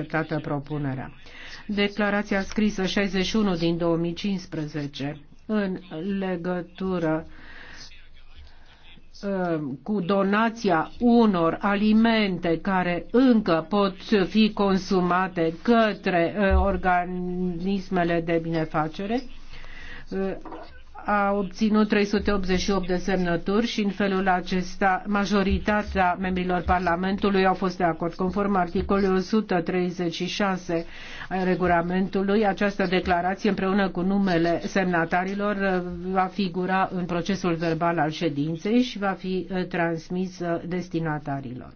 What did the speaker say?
acceptată propunerea. Declarația scrisă 61 din 2015 în legătură uh, cu donația unor alimente care încă pot fi consumate către uh, organismele de binefacere uh, a obținut 388 de semnături și în felul acesta majoritatea membrilor Parlamentului au fost de acord. Conform articolului 136 al regulamentului, această declarație împreună cu numele semnatarilor uh, va figura în procesul verbal al ședinței și va fi uh, transmisă destinatarilor.